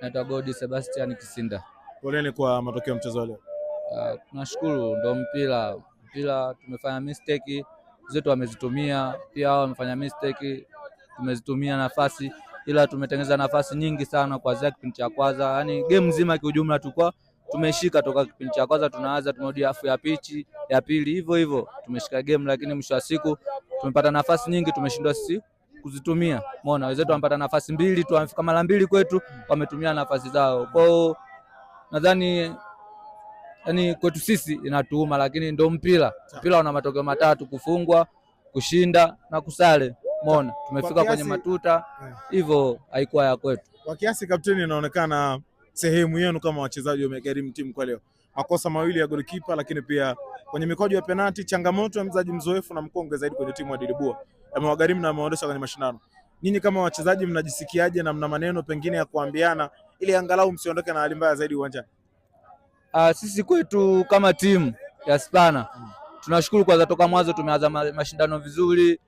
naitwa Godi Sebastian Kisinda. Poleni kwa matokeo mchezo leo. Uh, tunashukuru, ndo mpira mpira, tumefanya mistake zetu, wamezitumia pia wao wamefanya mistake, tumezitumia nafasi, ila tumetengeneza nafasi nyingi sana kuanzia kipindi cha kwanza, yani game nzima kiujumla tulikuwa tumeshika toka kipindi cha kwanza, tunaanza tumerudi afu ya pichi ya pili hivyo hivyo, tumeshika game, lakini mwisho wa siku tumepata nafasi nyingi, tumeshindwa sisi kuzitumia. Umeona wenzetu wamepata nafasi mbili tu, wamefika mara mbili kwetu, wametumia nafasi zao. Kwa hiyo nadhani yani kwetu sisi inatuuma, lakini ndio mpira. Mpira una matokeo matatu: kufungwa, kushinda na kusale. Umeona tumefika kwenye matuta eh. hivyo, haikuwa ya kwetu kwa kiasi. Kapteni, inaonekana sehemu yenu kama wachezaji wamegharimu timu kwa leo, makosa mawili ya golikipa, lakini pia kwenye mikwaju ya penalti, changamoto ya mchezaji mzoefu na mkongwe zaidi kwenye timu ya Dilibua amewagharimu na amewaondosha kwenye mashindano. Nyinyi kama wachezaji mnajisikiaje na mna maneno pengine ya kuambiana ili angalau msiondoke na hali mbaya zaidi uwanjani? Uh, sisi kwetu kama timu ya Spana tunashukuru kwanza, toka mwanzo tumeanza mashindano vizuri,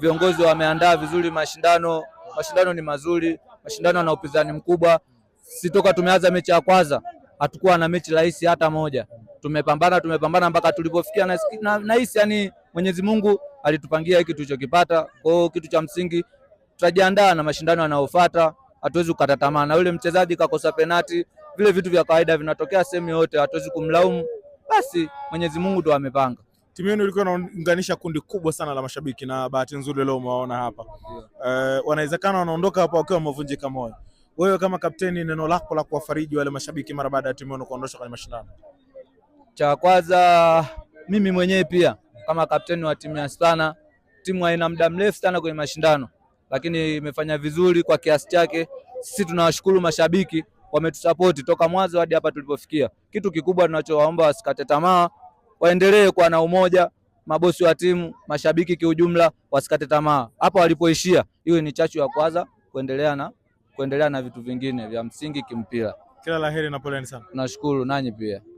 viongozi wameandaa vizuri mashindano. Mashindano ni mazuri, mashindano yana upinzani mkubwa. Sisi toka tumeanza mechi ya kwanza hatukuwa na mechi rahisi hata moja, tumepambana tumepambana mpaka tulipofikia na, na, na hisi yani Mwenyezi Mungu alitupangia hiki tulichokipata. Kwa hiyo kitu cha msingi tutajiandaa na mashindano yanayofuata, hatuwezi kukata tamaa. Na yule mchezaji kakosa penati, vile vitu vya kawaida vinatokea sehemu yote, hatuwezi kumlaumu. Basi Mwenyezi Mungu ndo amepanga. Timu yenu ilikuwa inaunganisha kundi kubwa sana la mashabiki, na bahati nzuri leo umewaona hapa yeah. Uh, wanawezekana wanaondoka hapa wakiwa wamevunjika moyo. Wewe kama kapteni, neno lako la kuwafariji wale mashabiki mara baada ya timu yenu kuondoshwa kwenye mashindano? Cha kwanza mimi mwenyewe pia kama kapteni wa timu ya Astana. Timu haina muda mrefu sana kwenye mashindano, lakini imefanya vizuri kwa kiasi chake. Sisi tunawashukuru mashabiki, wametusapoti toka mwanzo hadi hapa tulipofikia. Kitu kikubwa tunachowaomba wasikate tamaa, waendelee kuwa na umoja, mabosi wa timu, mashabiki kiujumla, wasikate tamaa. Hapa walipoishia iwe ni chachu ya kwanza kuendelea na kuendelea na vitu vingine vya msingi kimpira. Kila laheri na poleni sana. Nashukuru nanyi pia.